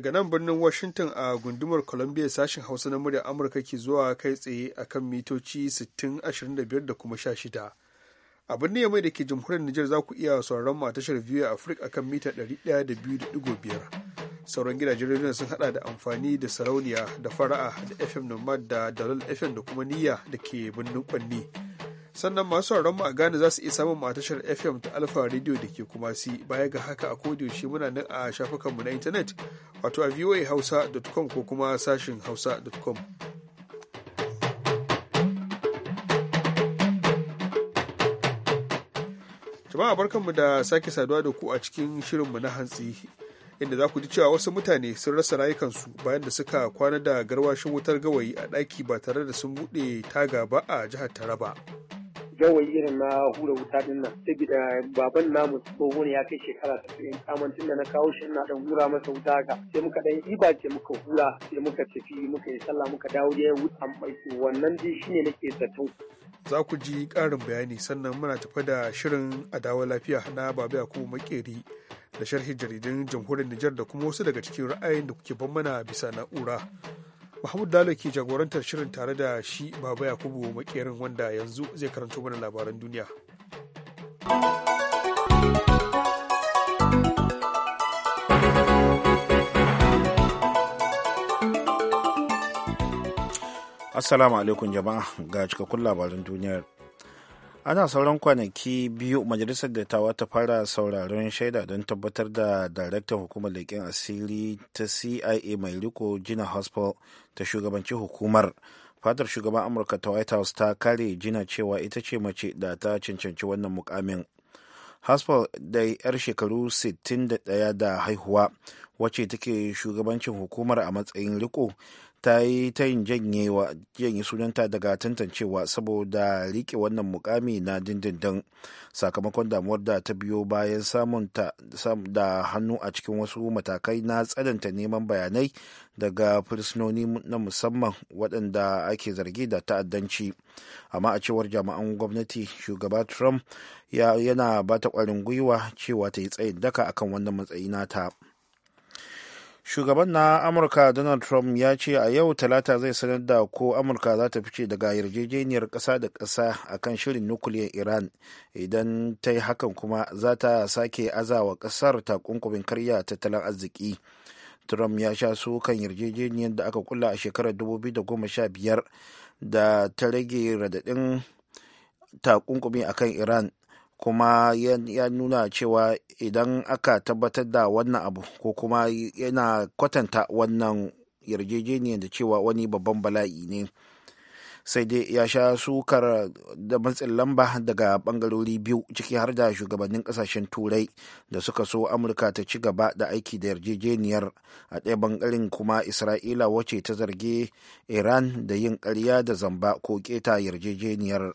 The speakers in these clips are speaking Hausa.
daga nan birnin washington a gundumar columbia sashen hausa na murya amurka ke zuwa kai tsaye a kan mitoci 6025 da kuma 16 a birnin yamai da ke jamhuriyar niger za ku iya sauraron mu a tashar biyu a afirka akan mita 102.5 sauran gidajen rediyon sun hada da amfani da sarauniya da fara'a da fm nomad da Dalal fm da kuma niyya da ke birnin kwanni sannan masu sauran mu a gane za su iya samun matashar FM ta alfa Radio da ke kuma si baya ga haka a kodiyoshi muna nan a shafukanmu na intanet wato a voahausa.com ko kuma sashin hausa.com. jama'a barkanmu da sake saduwa da ku a cikin shirinmu na hantsi inda za ku ji cewa wasu mutane sun rasa rayukansu bayan da suka kwana da garwashin wutar gawayi a ɗaki ba tare da sun buɗe taga ba a jihar taraba. gawayi irin na hura wuta din nan saboda baban namu tsoho ya kai shekara ta kaman tun da na kawo shi ina dan hura masa wuta haka sai muka dan iba ce muka hura sai muka tafi muka yi sallah muka dawo ya wuta mai wannan dai shine nake zato za ku ji ƙarin bayani sannan muna tafi da shirin adawa lafiya na babu kuma makeri da sharhin jaridun jamhuriyar Nijar da kuma wasu daga cikin ra'ayin da kuke ban mana bisa na'ura. Mahmud Lalo ke jagorantar shirin tare da shi Baba Yakubu Makerin wanda yanzu zai karanto mana labaran duniya. Assalamu alaikum jama'a ga cikakkun labaran duniyar. ana sauran kwanaki biyu majalisar dattawa ta fara sauraron shaida don tabbatar da daraktan hukumar leƙen asiri ta cia mai riko jina hospital ta shugabanci hukumar fatar shugaban amurka ta white house ta kare jina cewa ita ce mace da ta cancanci wannan mukamin hospital da yar shekaru 61 da haihuwa wacce take shugabancin hukumar a matsayin riko ta yi ta yin janye sunanta daga tantancewa saboda rike wannan mukami na dindindin sakamakon damuwar da ta biyo bayan samun da hannu a cikin wasu matakai na tsananta neman bayanai daga fursunoni na musamman waɗanda ake zargi da ta'addanci amma a cewar jami'an gwamnati shugaba trump yana ba ta ƙwarin gwiwa cewa ta yi tsayin daka akan wannan matsayi nata. shugaban na amurka donald trump ya ce a yau talata zai sanar da ko amurka za ta fice daga yarjejeniyar ƙasa da ƙasa kan shirin nukiliyar iran idan ta yi hakan kuma za ta sake azawa ƙasar takunkumin karya tattalin arziki trump ya sha su kan yarjejeniyar da aka kula a shekarar 2015 da ta rage radadin takunkumi akan iran kuma ya nuna cewa idan aka tabbatar da wannan abu ko kuma yana kwatanta wannan yarjejeniyar da cewa wani babban bala'i ne sai dai ya sha sukar da matsin lamba daga bangarori biyu ciki har da shugabannin kasashen turai da suka so amurka ta ci gaba da aiki da yarjejeniyar a ɗaya bangaren kuma isra'ila wacce ta zarge iran da yin ƙarya da zamba ko keta yarjejeniyar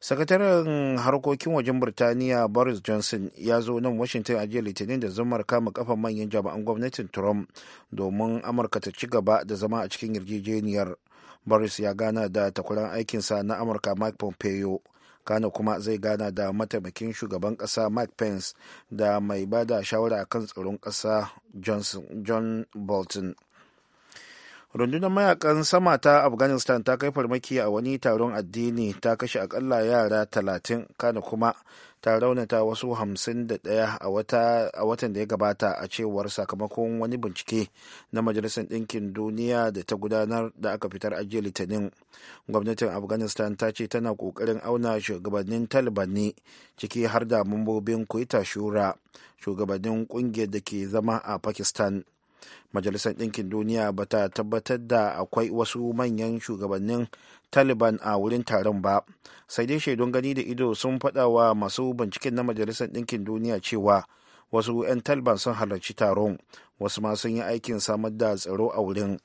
sakataren harkokin wajen birtaniya boris johnson ya zo nan washington a jiya litinin da zumar kama kafan manyan jami'an gwamnatin trump domin amurka ta ci gaba da zama a cikin yarjejeniyar boris ya gana da takwaran aikinsa na amurka mike pompeo kana kuma zai gana da mataimakin shugaban kasa mike pence da mai bada shawara a kan tsaron kasa john bolton rundunar mayakan sama ta afghanistan ta kai farmaki a wani taron addini ta kashe akalla yara talatin kana kuma ta raunata wasu hamsin da ɗaya a watan da ya gabata a cewar sakamakon wani bincike na majalisar ɗinkin duniya da ta gudanar da aka fitar a jiya litinin gwamnatin afghanistan ta ce tana ƙoƙarin auna shugabannin taliban ne ciki har da mambobin kuita shura shugabannin ƙungiyar da ke zama a pakistan majalisar ɗinkin duniya ba ta tabbatar da akwai wasu manyan shugabannin taliban a wurin taron ba sai dai shaidun gani da ido sun faɗa wa masu binciken na majalisar ɗinkin duniya cewa wasu 'yan taliban sun halarci taron wasu ma sun yi aikin samar da tsaro a wurin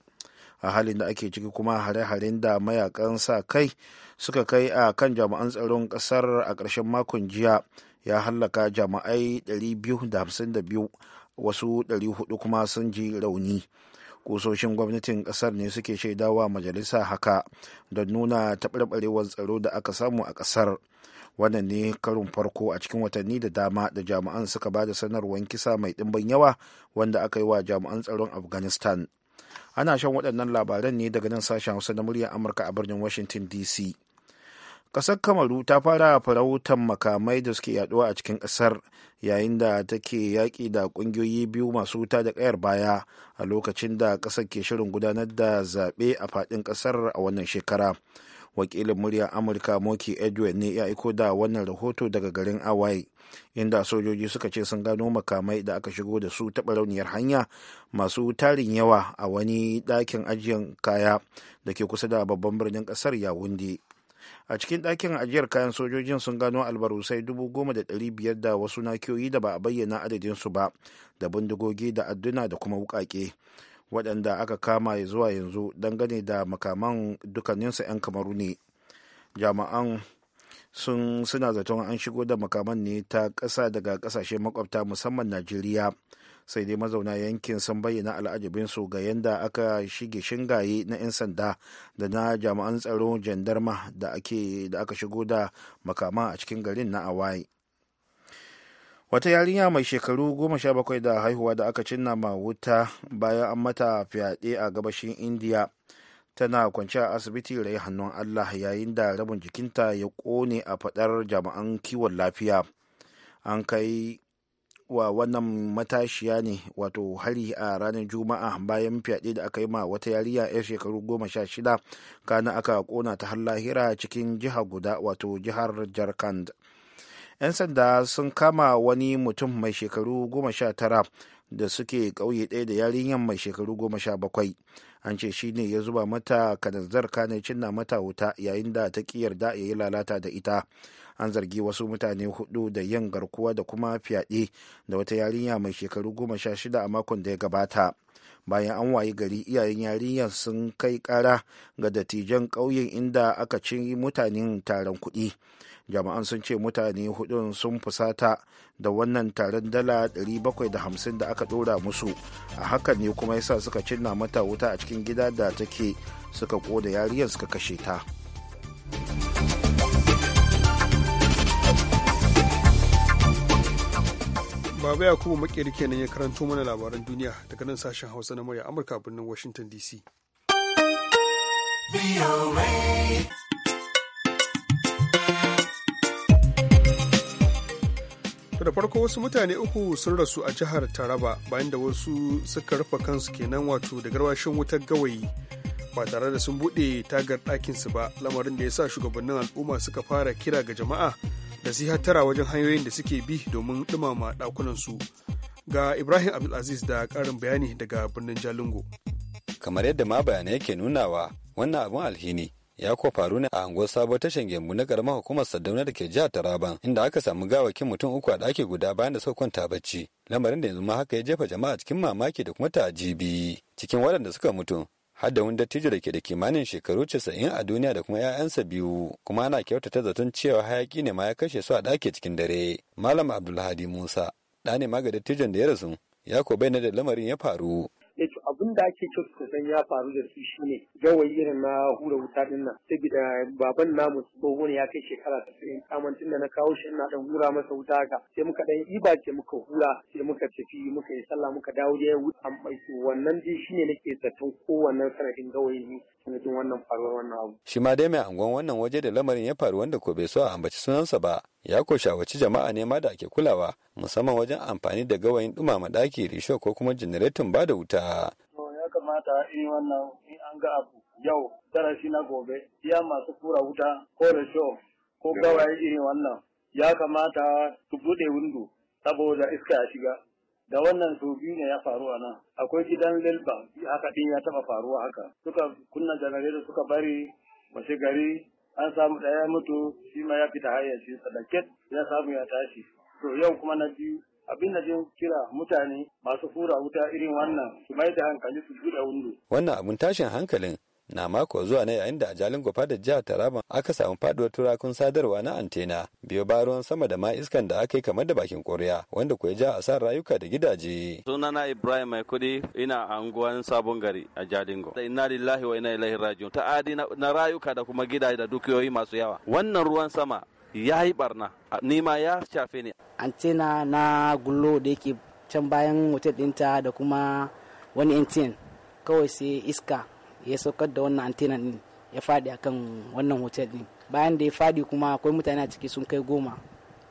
a halin da ake ciki kuma hare-haren da mayakan sa kai suka kai a kan jami'an tsaron ƙasar a ƙarshen makon jiya ya hallaka jama'ai 252 wasu 400 kuma sun ji rauni kusoshin gwamnatin kasar ne suke shaidawa majalisa haka don nuna taɓarɓarewar tsaro da aka samu a kasar wannan ne karin farko a cikin watanni da dama da jami'an suka ba da sanarwar kisa mai ɗimbin yawa wanda aka yi wa jami'an tsaron afghanistan ana shan waɗannan labaran ne daga nan sashen hausa na muryar amurka a birnin washington dc ƙasar kamaru ta fara farautan makamai da suke yaduwa a cikin ƙasar yayin da take yaƙi da ƙungiyoyi biyu masu wuta da ƙayar baya a lokacin da ƙasar ke shirin gudanar da zaɓe a faɗin ƙasar a wannan shekara wakilin muryar amurka moki edwin ne ya aiko da wannan rahoto daga garin awai inda sojoji suka ce sun gano makamai da aka shigo da su taɓa rauniyar hanya masu tarin yawa a wani ɗakin ajiyar kaya da ke kusa da babban birnin ƙasar yawundi a cikin ɗakin ajiyar kayan sojojin sun gano albarusai dubu goma da ɗari biyar da wasu nakiyoyi da ba a bayyana adadin su ba da bindigogi da adduna da kuma wuƙaƙe waɗanda aka kama zuwa yanzu dangane da makaman dukkaninsu 'yan kamaru ne jami'an sun suna zaton an shigo da makaman ne ta ƙasa daga ƙasashe makwabta musamman najeriya sai dai mazauna yankin sun bayyana al'ajabinsu ga yadda aka shige shingaye na 'yan sanda da na jami'an tsaro jandarma da aka shigo da makama a cikin garin na awai wata yarinya mai shekaru goma sha bakwai da haihuwa da aka cinna ma wuta bayan an mata fyaɗe a gabashin indiya tana kwance a asibiti rai hannun allah yayin da rabin jikinta ya ƙone a faɗar jami'an kiwon lafiya an kai wa wannan matashiya ne wato hari a ranar juma'a bayan fyaɗe da aka yi ma wata yariya 'yan shekaru goma sha shida kana aka kona ta har lahira cikin jiha guda wato jihar jarkand 'yan sanda sun kama wani mutum mai shekaru goma sha tara da suke ƙauye ɗaya da yarinyar mai shekaru goma sha bakwai an ce shi ne ya zuba mata kanazar kane cinna mata wuta yayin da ta ƙi yarda ya yi lalata da ita an zargi wasu mutane hudu da yin garkuwa da kuma fyaɗe da wata yarinya mai shekaru goma sha shida a makon da ya gabata bayan an wayi gari iyayen yarinyar sun kai ƙara ga dattijan ƙauyen inda aka ci mutanen taron kuɗi jama'an sun ce mutane hudun sun fusata da wannan taron dala 750 da aka dora musu a hakan ne kuma yasa suka cinna mata wuta a cikin gida da take suka koda yariyar suka kashe ta Baba Yakubu Makeri kenan ya karanto mana labaran duniya daga nan sashen Hausa na murya Amurka birnin Washington DC. da farko wasu mutane uku sun rasu a jihar taraba bayan da wasu suka rufe kansu kenan wato da garwashin wutar gawayi ba tare da sun buɗe tagar ɗakinsu ba lamarin da ya sa shugabannin al'umma suka fara kira ga jama'a da su hattara wajen hanyoyin da suke bi domin ɗumama ɗakunansu ga ibrahim abdulaziz da karin bayani daga birnin jalingo kamar yadda ma bayanai ke nunawa wannan abin alhini ya ko faru ne a anguwar Sabuwar tashin gembu na karamar hukumar Sardauna da ke jihar Taraban inda aka samu gawakin mutum uku a ɗaki guda bayan da suka kwanta bacci lamarin da yanzu ma haka ya jefa jama'a cikin mamaki da kuma ta'ajibi cikin waɗanda suka mutu har da wani dattijo da ke da kimanin shekaru casa'in a duniya da kuma 'ya'yansa biyu kuma ana kyautata zaton cewa hayaki ne ma ya kashe su a ɗaki cikin dare malam abdulhadi musa ɗa ne ma ga dattijon da ya rasu ya ko bayyana da lamarin ya faru abin da ake kyau kusan ya faru da su shine gawayi irin na hura wuta din nan saboda baban namu ne ya kai shekara tasirin kaman tunda da na kawo shi ina dan hura masa wuta haka sai muka dan iba ce muka hura sai muka tafi muka yi sallah muka dawo da wuta an bai wannan dai shine nake zaton kowannen sanadin gawayi ne sanadin wannan faruwar wannan abu shi ma dai mai angon wannan waje da lamarin ya faru wanda ko bai so a ambaci sunansa ba ya ko shawarci jama'a ne ma da ake kulawa musamman wajen amfani da gawayin dumama daki risho ko kuma janaretin ba da wuta kamata in wannan in an ga abu yau darasi na gobe iya masu kura wuta ko da sho ko gawaye irin wannan ya kamata su buɗe windo saboda iska ya shiga da wannan sau biyu ne ya faru a nan akwai gidan lilba haka din ya taba faruwa haka suka kunna janareto suka bari mace gari an samu ɗaya mutu shi ma ya fita hayyacinsa da ket ya samu ya tashi to yau kuma na biyu abin da jin kira mutane masu hura wuta irin wannan su mai da hankali su buɗe wundu. Wannan abin tashin hankalin na mako zuwa na yayin da a jalin gwafa da jihar Taraba aka samu faduwar turakun sadarwa na antena biyo ba ruwan sama da ma iskan da aka yi kamar da bakin koriya wanda kuwa ja asar rayuka da gidaje. Sunana Ibrahim Mai Kudi ina a unguwan Sabon Gari a Jalingo. Inna lillahi wa inna ilaihi raji'un. Ta'adi na rayuka da kuma gidaje da dukiyoyi masu yawa. Wannan ruwan sama ya yi barna ni ya shafe ne. antena na gullo da yake can bayan hotel dinta da kuma wani antin kawai sai iska ya saukar da wannan antena din ya faɗi akan wannan hotel din bayan da ya faɗi kuma akwai mutane a ciki sun kai goma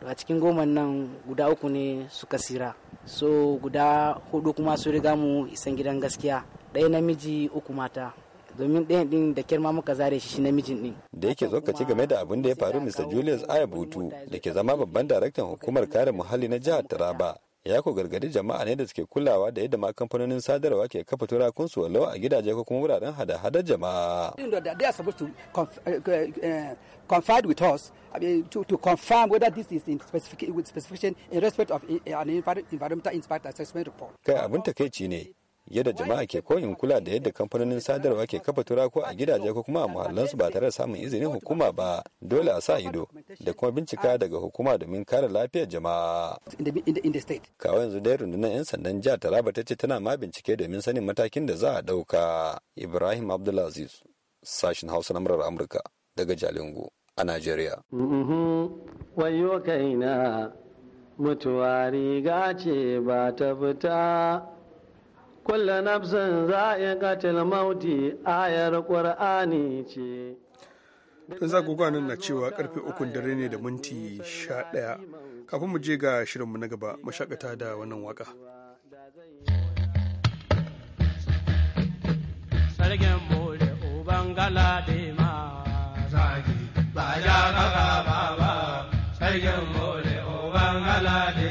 a cikin goma nan guda uku ne suka sira so guda hudu kuma su riga mu isan gidan gaskiya ɗaya namiji uku mata domin ɗayan ɗin da kirma muka zare shi na namijin ɗin. Da yake tsokaci game da abin da ya faru Mr. Julius Ayabutu da ke zama babban daraktan hukumar kare muhalli na jihar Taraba. Ya ku gargadi jama'a ne da suke kulawa da yadda ma kamfanonin sadarwa ke kafa turakunsu walau a gidaje ko kuma wuraren hada hada jama'a. They are supposed to uh, uh, uh, confide with us I mean, to, to confirm whether this is in specific, with specification in respect of an environmental impact assessment report. Kai abin takaici ne yadda jama'a ke koyin kula da yadda kamfanonin sadarwa ke kafa turako a gidaje ko kuma a muhallansu ba tare da samun izinin hukuma ba dole a sa ido da kuma bincika daga hukuma domin kare lafiyar jama'a kawo yanzu dai rundunar 'yan sandan jihar taraba ta ce tana ma bincike domin sanin matakin da za a ɗauka ibrahim abdulaziz sashen hausa na murar amurka daga jalingo a najeriya wayo kaina mutuwa riga ce ba ta fita kulle nafsin katil mauti ayar qur'ani ce tun za nan na cewa karfe ukun dare ne da minti sha ɗaya kafin mu je ga shirinmu na gaba mashakata da wannan waka sarkin mole ubangala gala de ma zagi ba ya kaka ba ba sarkin mole ubangala gala de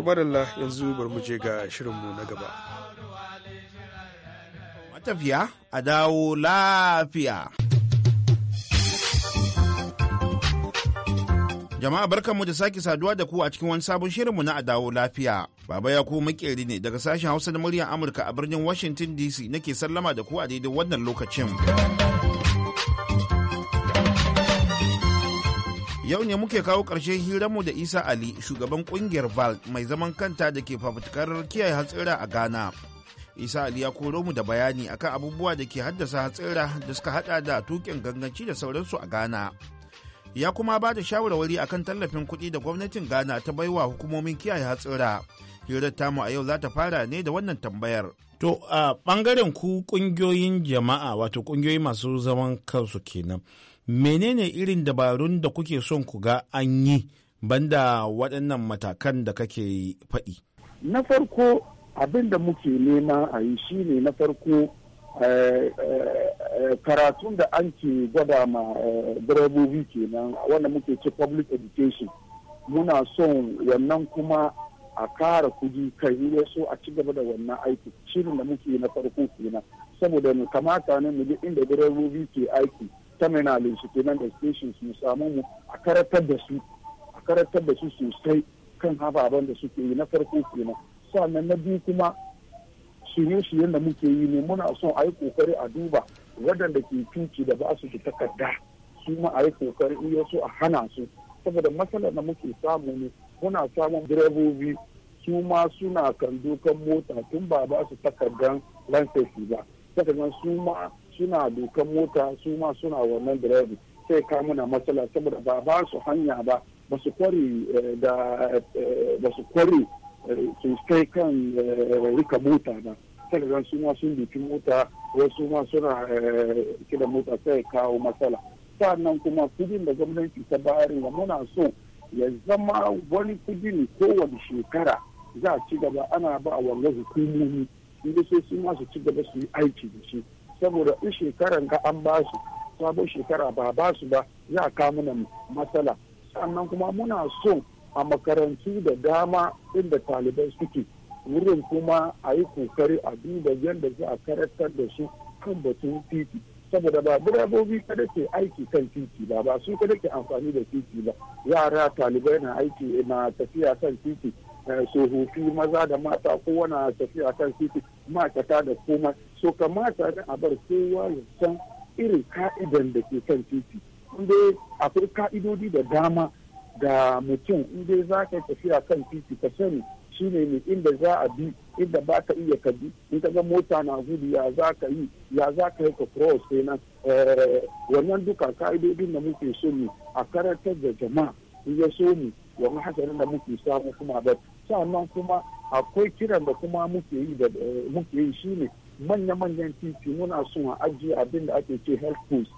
to madalla yanzu bar mu je ga shirinmu na gaba matafiya a dawo lafiya Jama'a barkanmu da sake saduwa da ku a cikin wani sabon shirinmu na Adawo Lafiya. Baba ya ku makeri ne daga sashen Hausa na muryar Amurka a birnin Washington DC nake sallama da ku a daidai wannan lokacin. Yau ne muke kawo ƙarshen hiranmu da Isa Ali, shugaban ƙungiyar VAL mai zaman kanta da ke fafutukar kiyaye hatsira a Ghana. Isa Ali ya koro mu da bayani akan abubuwa da ke haddasa hatsira da suka hada da tukin ganganci da sauransu a Ghana. Ya kuma ba da shawarwari akan tallafin kuɗi da gwamnatin Ghana ta baiwa hukumomin kiyaye hatsira hirar tamu a yau za ta fara ne da wannan tambayar. To a ɓangaren ku ƙungiyoyin jama'a wato ƙungiyoyi masu zaman kansu kenan. Menene irin dabarun da kuke son ku ga an yi banda waɗannan matakan da kake faɗi? Na farko abin da muke nema a yi shi ne na farko eh, eh, eh, karatun da an ke gwada ma direbobi kenan wanda muke ce public education muna son wannan kuma a kara kuɗi kai ne so a ci gaba da wannan aiki shirin da muke na farko kenan saboda mu kamata ne mu je inda direbobi ke aiki minalin su kenan da stations mu samu mu a karatar da su a karatar da su sosai kan hababen da suke yi na farko kenan sannan na biyu kuma shirye-shiryen da muke yi ne muna so a yi kokari a duba waɗanda ke tuki da ba su da takarda su ma a yi kokari iya so a hana su saboda matsalar da muke samu ne muna samun direbobi su ma suna kan dokan mota tun ba ba su takardan lantarki ba takardar su ma suna dokan mota su ma suna wannan direba sai ka muna matsala saboda ba ba su hanya ba ba su kware eh, da eh, ba su kware eh, su kai kan rika mota ba takardar ka su ma sun duki mota wasu ma suna kida mota sai kawo matsala sannan kuma kudin da gwamnati ta bayar muna so ya zama wani kudin kowane shekara za a ci gaba ana ba a wanga hukumomi ministoci ma su ci gaba su yi aiki da shi saboda in shekaran ga an ba su sabon shekara ba ba su ba za a kama na matsala sannan kuma muna so a makarantu da dama inda talibai suke wurin kuma a yi kokari a duba yadda za a karantar da su kan batun titi saboda ba direbobi kada ke aiki kan titi ba ba su kada ke amfani da titi ba yara talibai na aiki na tafiya kan titi Eh, tsohofi maza da mata wani tafiya kan titi ma'aikata da komai so kamata da a bar kowa ya san irin ka'idan da ke kan titi inda akwai ka'idodi da dama da mutum inda za ka tafiya kan titi ka sani shi ne inda za a bi inda ba ka iya ka bi in ka ga mota na gudu ya za ka yi ya za ka yi ka cross nan eh, wannan duka ka'idodin da muke so mu a karantar da jama'a in ya so mu wani hasarin da muke samu kuma ba sannan kuma akwai kiran da kuma muke yi da eh, muke yi shine manya-manyan titi muna son a ajiye abin da ake ce health post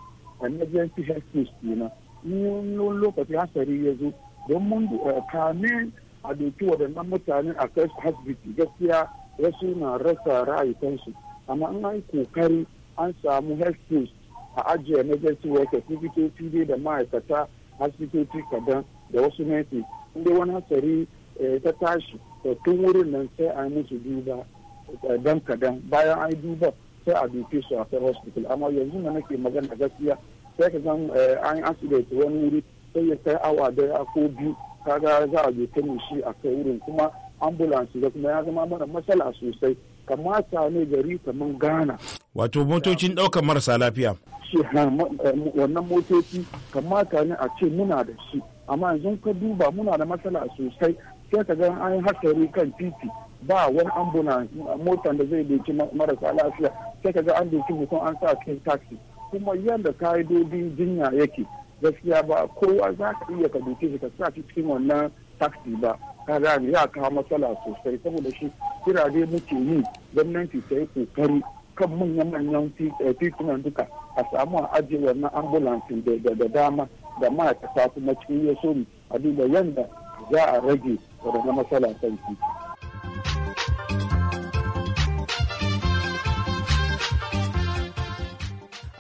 emergency health post kenan in lokaci hasari ya zo don mun eh, kame a doki waɗannan mutane a kai asibiti gaskiya wasu na rasa ra'ayikansu amma an yi kokari an samu health post a ajiye emergency workers likitoci dai da ma'aikata asibitoci kadan da wasu nurses inda wani hasari Eh, ta tashi to tun wurin nan sai a musu duba eh, dan kadan bayan an duba sai a dufe su a kai hospital amma yanzu na nake magana gaskiya sai ka san eh, an accident wani wuri sai ya kai awa daya ko biyu kaga za a duke mu shi a kai wurin kuma ambulance da kuma ya zama mana matsala sosai ta ne gari kamar ghana wato motocin daukar marasa lafiya wannan motoci kamata ne a ce muna da shi amma yanzu ka duba muna da matsala sosai sai ka ga an hatsari kan titi ba wani ambulance motan da zai doki marasa lafiya sai ka ga an doki mutum an sa kai taxi kuma yadda ka'idodin jinya yake gaskiya ba kowa za ka iya ka doke shi ka sa shi cikin wannan taxi ba ka gane ya kawo matsala sosai saboda shi kirare muke yi gwamnati ta yi kokari kan manyan manyan eh, titunan duka a samu a ajiye wannan ambulansin da dama da ma'aikata kuma cikin ya so a duba yadda za a rage A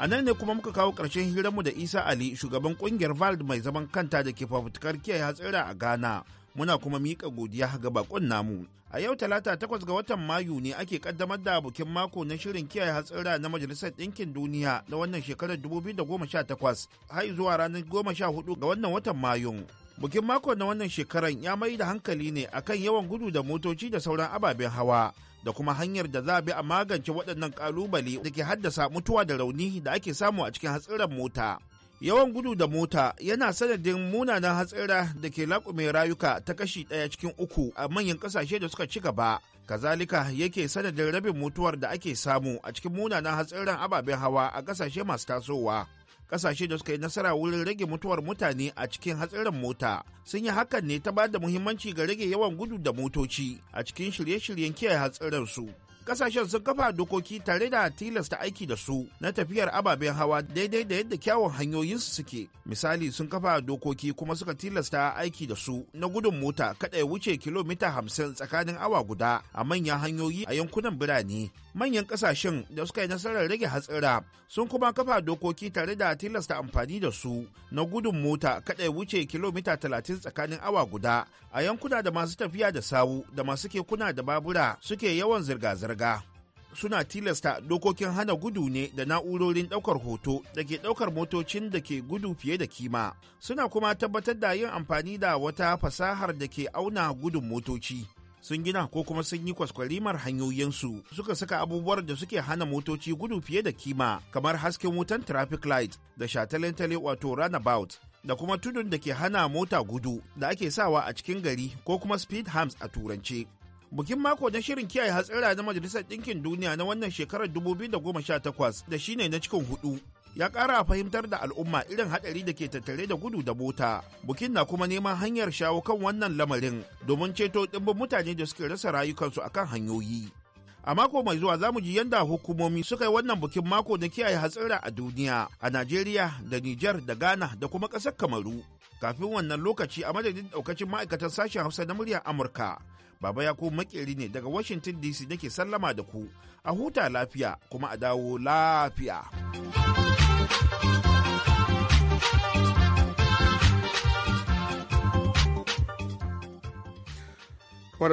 nan ne kuma muka kawo ƙarshen hiranmu da Isa Ali shugaban ƙungiyar VALD mai zaman kanta da ke fafutukar kiyaye hatsira a Ghana. Muna kuma miƙa godiya ga bakon namu. A yau talata takwas ga watan Mayu ne ake kaddamar da abokin mako na shirin kiyaye hatsira na Majalisar Ɗinkin Duniya na wannan shekarar 2018 har zuwa ranar 14 ga wannan watan Mayu. Bukin mako na wannan shekaran ya mai da hankali ne akan yawan gudu da motoci da sauran ababen hawa da kuma hanyar da za a bi a magance waɗannan ƙalubale da ke haddasa mutuwa da rauni da ake samu a cikin hatsiran mota. Yawan gudu da mota yana sanadin munanan hatsira da ke laƙume rayuka ta kashi ɗaya cikin uku a manyan ƙasashe da suka ci gaba. Kazalika yake sanadin rabin mutuwar da ake samu a cikin munanan hatsiran ababen hawa a ƙasashe masu tasowa. kasashe da suka yi nasara wurin rage mutuwar mutane a cikin hatsarin mota sun yi hakan ne ta ba da muhimmanci ga rage yawan gudu da motoci a cikin shirye-shiryen kiyaye hatsarin su kasashen sun kafa dokoki tare da tilasta aiki da su na tafiyar ababen hawa daidai da yadda kyawun hanyoyinsu suke misali sun kafa dokoki kuma suka tilasta aiki da su na gudun mota kaɗai wuce kilomita hamsin tsakanin awa guda a manyan hanyoyi a yankunan birane manyan kasashen da suka yi nasarar rage hatsira sun kuma kafa dokoki tare da tilasta amfani da su na gudun mota kaɗai wuce kilomita 30 tsakanin awa guda a yankuna da masu tafiya da sawu da masu kuna da babura suke yawan zirga-zirga suna tilasta dokokin hana gudu ne da na'urorin ɗaukar hoto da ke ɗaukar motocin da ke gudu fiye da kima suna kuma tabbatar da yin amfani da wata fasahar da ke auna gudun motoci sun gina ko kuma sun yi kwaskwalimar hanyoyinsu suka saka abubuwar da suke hana motoci gudu fiye da kima kamar hasken wutan traffic light da shataletale wato runabout da kuma tudun da ke hana mota gudu da ake sawa a cikin gari ko kuma speed humps a turance Bukin mako na shirin kiyaye hatsira na majalisar ɗinkin duniya na wannan shekarar 2018 da shine na cikin hudu ya ƙara fahimtar da al'umma irin haɗari da ke tattare da gudu da mota. Bukin na kuma neman hanyar shawo kan wannan lamarin domin ceto ɗimbin mutane da suke rasa rayukansu akan hanyoyi. A mako mai zuwa za mu ji yadda hukumomi suka yi wannan bukin mako da kiyaye hatsira a duniya a Najeriya da Nijar da Ghana da kuma ƙasar Kamaru. Kafin wannan lokaci a madadin ɗaukacin ma'aikatan sashen Hausa na muryar Amurka. Baba ya Yakubu makeri ne daga Washington DC nake sallama da ku. A huta lafiya kuma a dawo lafiya.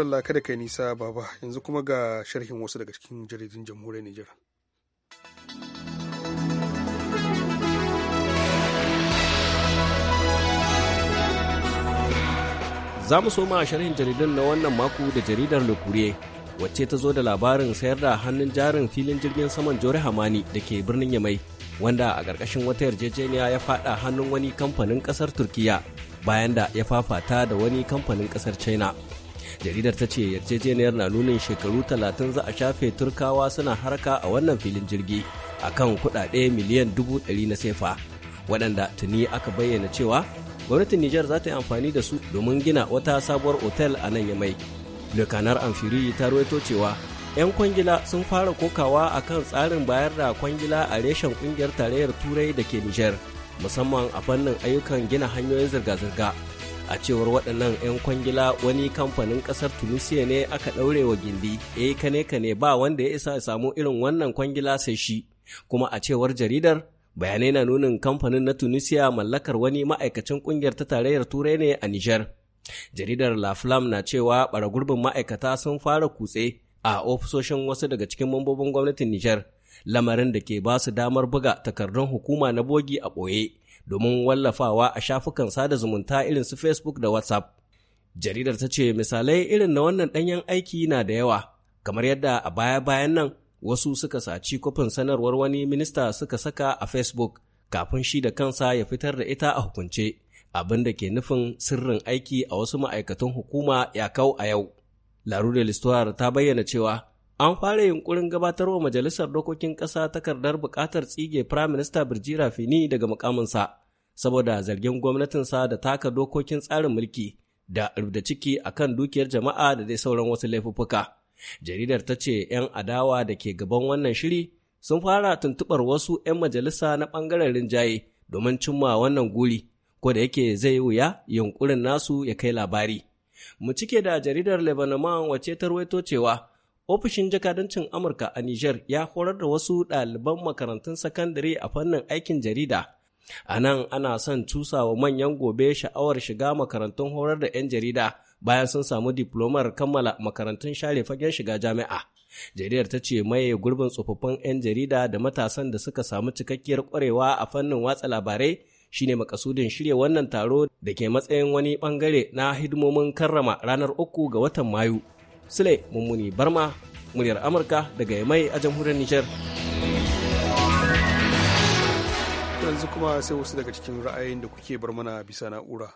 Allah kada kai nisa baba yanzu kuma ga sharhin wasu daga cikin jaridun jamhuriyar Nijar. Za mu soma a sharhin jaridun na wannan mako da jaridar Lokure wacce ta zo da labarin sayar da hannun jarin filin jirgin saman Jore Hamani da ke birnin Yamai. wanda a ƙarƙashin wata yarjejeniya ya faɗa hannun wani kamfanin ƙasar turkiya bayan da ya fafata da wani kamfanin ƙasar china jaridar ta ce yarjejeniyar na nunin shekaru talatin za a shafe turkawa suna harka a wannan filin jirgi akan kuɗaɗe miliyan dubu ɗari na sefa waɗanda tuni aka bayyana cewa gwamnatin nijar za ta yi amfani da su domin gina wata sabuwar otel a nan yamai lekanar amfiri ta ruwaito cewa 'yan kwangila sun fara kokawa a kan tsarin bayar da kwangila a reshen kungiyar tarayyar turai da ke nijar musamman a fannin ayyukan gina hanyoyin zirga-zirga a cewar waɗannan 'yan kwangila wani kamfanin ƙasar tunisia ne aka ɗaure wa gindi e eh, kane kane ba wanda ya isa samu irin wannan kwangila sai shi kuma a cewar jaridar bayanai na nunin kamfanin na tunisia mallakar wani ma'aikacin ƙungiyar ta tarayyar turai ne a nijar jaridar laflam na cewa ɓaragurbin ma'aikata sun fara kutse a ofisoshin wasu daga cikin mambobin gwamnatin Nijar, lamarin da ke ba su damar buga takardun hukuma na bogi a ɓoye domin wallafawa a shafukan sada zumunta irin su Facebook da WhatsApp. Jaridar ta ce misalai irin na wannan ɗanyen aiki na da yawa, kamar yadda a baya-bayan nan wasu suka saci kwafin sanarwar wani minista suka saka a Facebook kafin shi da kansa ya fitar da ita a hukunce, abin da ke nufin sirrin aiki a wasu ma'aikatan hukuma ya kau a yau. Larue Listuwar ta bayyana cewa an fara yunkurin wa majalisar dokokin ƙasa takardar buƙatar tsige firaminista Birjira Fini daga mukaminsa saboda zargin gwamnatinsa da taka dokokin tsarin mulki da rubda ciki kan dukiyar jama'a da dai sauran wasu laifuffuka. Jaridar ta ce 'yan adawa da ke gaban wannan shiri sun fara tuntuɓar wasu 'yan majalisa na ɓangaren rinjaye domin cimma wannan guri, ko da yake zai wuya yunkurin nasu ya kai labari. Mu cike da jaridar Lebanon wace ta rawaito cewa ofishin jakadancin Amurka a Niger ya horar da wasu ɗaliban makarantun sakandare a fannin aikin jarida. A nan ana son wa manyan gobe sha'awar shiga makarantun horar da 'yan jarida bayan sun samu diplomar kammala makarantun share fagen shiga jami'a. Jaridar ta ce maye gurbin tsofaffin 'yan jarida da matasan da suka samu cikakkiyar kwarewa a fannin watsa labarai shine makasudin shirya wannan taro da ke matsayin wani bangare na hidimomin karrama ranar uku ga watan Mayu. Sule Mummuni Barma, muryar Amurka daga Yamai a jamhuriyar Nijar. Yanzu kuma sai wasu daga cikin ra'ayin da kuke bar mana bisa na'ura.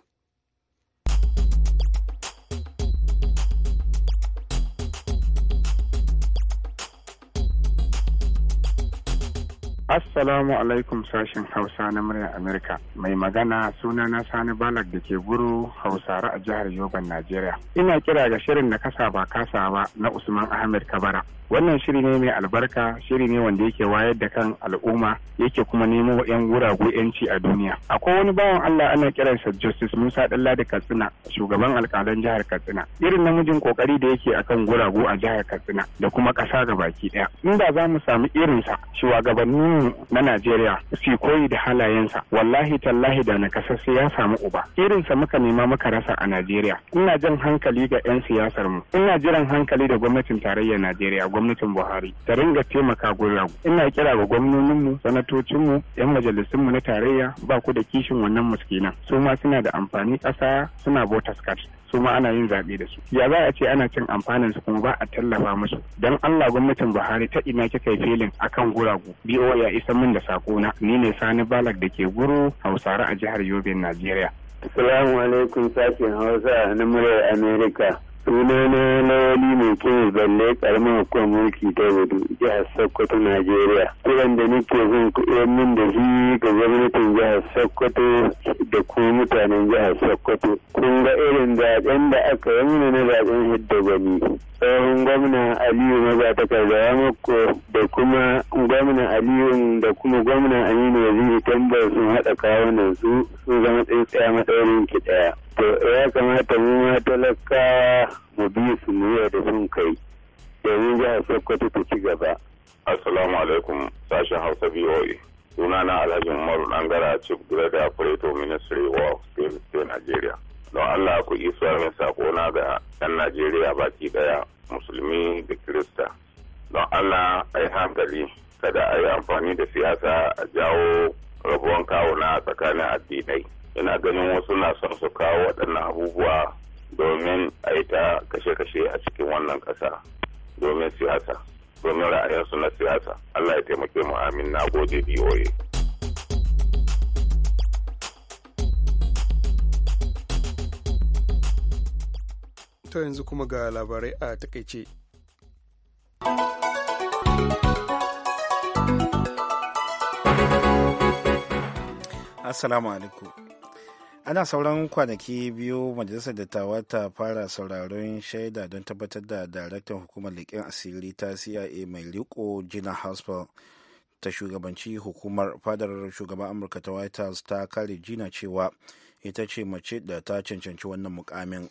Assalamu alaikum sashen Hausa na muryar Amerika. Mai magana suna na Sani Balak da ke guru Hausare a jihar Yoban, Najeriya. Ina kira ga shirin nakasa kasa ba kasa ba na Usman Ahmed Kabara. wannan shiri ne mai albarka shiri ne wanda yake wayar da kan al'umma yake kuma nemo 'yan guragu 'yanci a duniya akwai wani bawan allah ana kiransa justice musa da katsina shugaban alkalan jihar katsina irin namijin kokari da yake akan guragu a jihar katsina da kuma ƙasa ga baki ɗaya inda za mu samu irinsa shugabannin na najeriya su koyi da halayensa wallahi tallahi da na sai ya samu uba irinsa muka nema muka rasa a najeriya ina jan hankali ga 'yan siyasar mu ina jiran hankali da gwamnatin tarayyar najeriya gwamnatin Buhari ta ringa taimaka guragu. Ina kira ga gwamnoninmu, sanatocinmu, 'yan majalisunmu na tarayya ba ku da kishin wannan muskina Su ma suna da amfani ƙasa suna bota skat. su ana yin zaɓe da su ya za a ce ana cin amfanin su kuma ba a tallafa musu Don Allah gwamnatin Buhari ta ina kika yi filin akan guragu BO ya isa min da sako na ni ne Sani Balak da ke guru Hausare a jihar Yobe Najeriya Assalamu alaikum sashen Hausa na muryar Amerika sunana lawali mai kyau balle karamin hukumar mulki ta gudu jihar sokoto najeriya kiran da nake zan kuɗin min da shi ga gwamnatin jihar sokoto da ko mutanen jihar sokoto kun ga irin zaɓen da aka yi mana na zaɓen hidda gani tsohon gwamnan aliyu maza ta karzawa mako da kuma gwamna aliyu da kuma gwamna aminu waziri tambar sun haɗa kawunan su sun zama tsaye tsaya matsayin ki ɗaya to ya kamata mu ma talaka mu bi su mu yi da sun kai domin jihar sokoto ta ci gaba assalamu alaikum sashen hausa voa suna na alhaji umaru dangara chief da operator ministry of state state nigeria don allah ku isa min sako na ga yan najeriya baki ɗaya, musulmi da kirista don allah a yi hankali kada a yi amfani da siyasa a jawo rabuwan kawuna tsakanin addinai ina ganin wasu na son su kawo waɗannan abubuwa domin a yi ta kashe-kashe a cikin wannan ƙasa domin siyasa domin ra'ayinsu na siyasa allah ya taimake mu amin na gode boa to yanzu kuma ga labarai a takaice assalamu alaikum ana sauran kwanaki biyu majalisar dattawa ta fara sauraron shaida don tabbatar da daraktan hukumar leƙen asiri ta cia mai riko gina hospital ta shugabanci hukumar fadar shugaban amurka ta white house ta kare jina cewa ita ce mace da ta cancanci wannan mukamin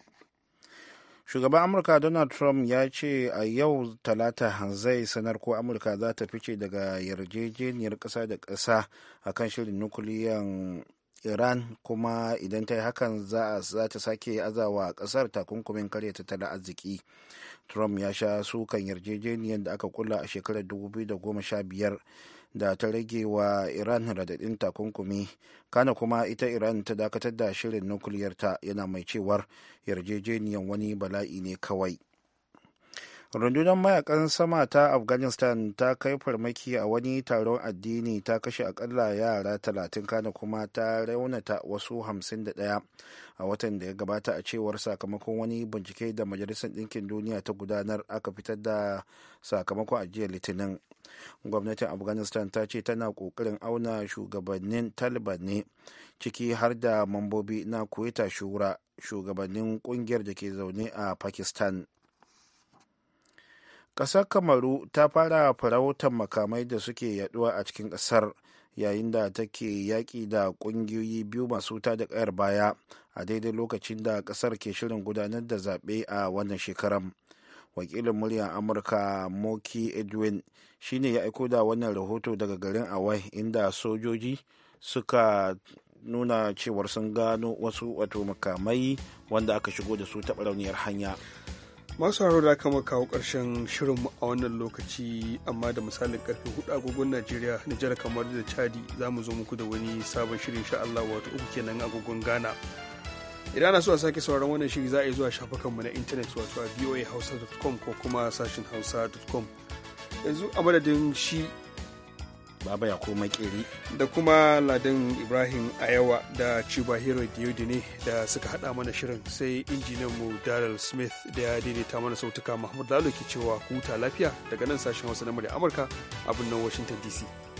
shugaban amurka donald trump ya ce a yau talata zai sanar ko amurka za ta fice daga yarjejeniyar ƙasa da ƙasa kan shirin nukuliyan iran kuma idan ta yi hakan za ta sake azawa kasar takunkumin karya tattalin arziki trump ya sha sukan yarjejeniyar da aka kula a shekarar 2015 da ta rage wa iran radadin takunkumi kana kuma ita iran ta dakatar da shirin nukuliyarta yana mai cewar yarjejeniyar wani bala'i ne kawai rundunar mayakan sama ta afghanistan ta kai farmaki a wani taron addini ta kashe akalla yara talatin kana kuma ta raunata wasu 51 a watan da ya gabata a cewar sakamakon wani bincike da majalisar ɗinkin duniya ta gudanar aka fitar da sakamakon ajiyar litinin gwamnatin afghanistan ta ce tana kokarin auna shugabannin taliban ne ciki har da mambobi na kuwaita shura shugabannin kungiyar da ke zaune a pakistan ƙasar kamaru ta fara farautar makamai da suke yaduwa a cikin ƙasar yayin da take yaƙi da ƙungiyoyi biyu masu wuta da ƙayar baya a daidai lokacin da ƙasar ke shirin gudanar da zaɓe a wannan shekaran wakilin muryar amurka moki edwin shine ya aiko da wannan rahoto daga garin awai inda sojoji suka nuna cewar sun gano wasu wato makamai wanda aka shigo da su taɓa rauniyar hanya masu haro da kama kawo ƙarshen shirin a wannan lokaci amma da misalin karfe hudu agogon najeriya nijar kamar da chadi za mu zo muku da wani sabon shirin sha Allah wato uku kenan agogon ghana idan ana so a sake sauran wannan shiri za a yi zuwa shafukanmu na intanet wato a voahausa.com ko kuma sashin hausa.com yanzu a madadin shi baba ya koma kiri da kuma ladin ibrahim ayawa da cuba hero diodine da suka hada mana shirin sai injinan mu daryl smith da ya daidaita mana sautuka mahmud lalo ke cewa huta lafiya daga nan sashen wasu na murya amurka abin nan washington dc